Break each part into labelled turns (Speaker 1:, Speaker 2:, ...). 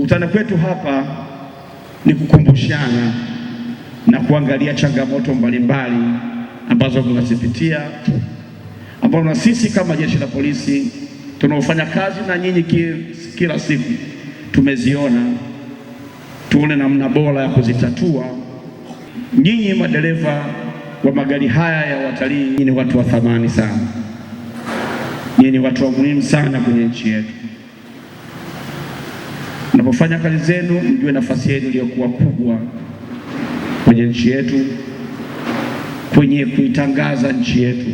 Speaker 1: Kukutana kwetu hapa ni kukumbushana na kuangalia changamoto mbalimbali ambazo tunazipitia, ambazo na sisi kama jeshi la polisi tunaofanya kazi na nyinyi kila siku tumeziona, tuone namna bora ya kuzitatua. Nyinyi madereva wa magari haya ya watalii, nyinyi ni watu wa thamani sana, nyinyi ni watu wa muhimu sana kwenye nchi yetu mnapofanya kazi zenu, mjue nafasi yenu iliyokuwa kubwa kwenye nchi yetu, kwenye kuitangaza nchi yetu,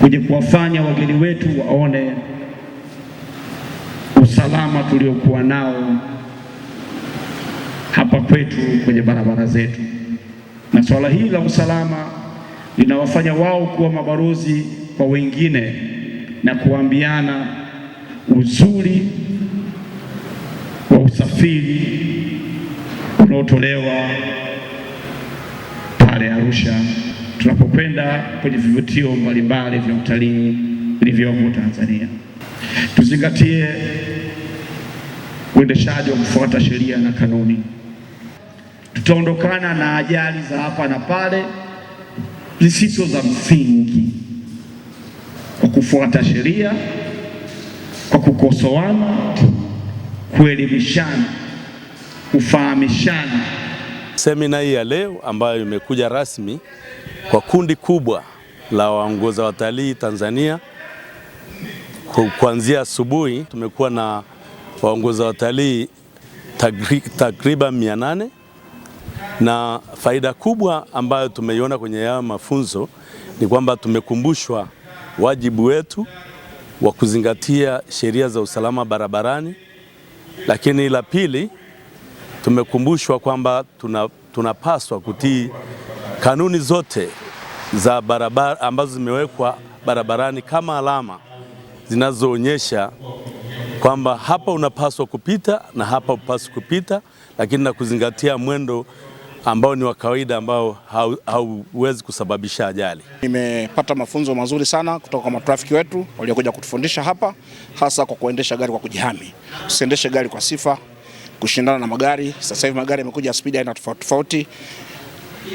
Speaker 1: kwenye kuwafanya wageni wetu waone usalama tuliokuwa nao hapa kwetu kwenye barabara zetu, na swala hili la usalama linawafanya wao kuwa mabalozi kwa wengine na kuambiana uzuri usafiri unaotolewa pale Arusha tunapokwenda kwenye vivutio mbalimbali vya utalii vilivyomo Tanzania. Tuzingatie uendeshaji wa kufuata sheria na kanuni. Tutaondokana na ajali za hapa na pale zisizo za msingi kwa kufuata sheria, kwa kukosoana kuelimishana, kufahamishana.
Speaker 2: Semina hii ya leo ambayo imekuja rasmi kwa kundi kubwa la waongoza watalii Tanzania, kuanzia asubuhi tumekuwa na waongoza watalii takriban mia nane na faida kubwa ambayo tumeiona kwenye haya mafunzo ni kwamba tumekumbushwa wajibu wetu wa kuzingatia sheria za usalama barabarani. Lakini la pili, tumekumbushwa kwamba tuna, tunapaswa kutii kanuni zote za barabara ambazo zimewekwa barabarani kama alama zinazoonyesha kwamba hapa unapaswa kupita na hapa upaswi kupita, lakini na kuzingatia mwendo ambao ni wa kawaida ambao hauwezi kusababisha ajali.
Speaker 3: Nimepata mafunzo mazuri sana kutoka kwa matrafiki wetu waliokuja kutufundisha hapa, hasa kwa kuendesha gari kwa kujihami. Usiendeshe gari kwa sifa, kushindana na magari. Sasa hivi magari yamekuja spidi aina tofauti tofauti.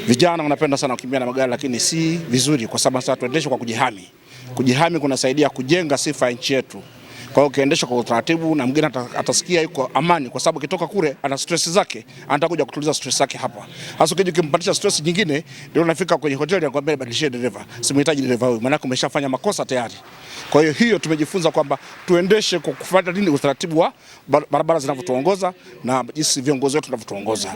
Speaker 3: Vijana wanapenda sana kukimbia na magari, lakini si vizuri, kwa sababu sasa tuendeshe kwa kujihami. Kujihami kunasaidia kujenga sifa ya nchi yetu. Kwa hiyo ukiendeshwa kwa utaratibu na mgeni atasikia yuko amani, kwa sababu kitoka kule ana stress zake, anataka kuja kutuliza stress zake hapa. Hasa ukija ukimpatisha stress nyingine, ndio unafika kwenye hoteli na kwambia badilishie dereva, simhitaji dereva huyu, maana umeshafanya makosa tayari. Kwa hiyo hiyo tumejifunza kwamba tuendeshe kwa kufuata nini utaratibu wa barabara zinavyotuongoza na jinsi viongozi wetu wanavyotuongoza.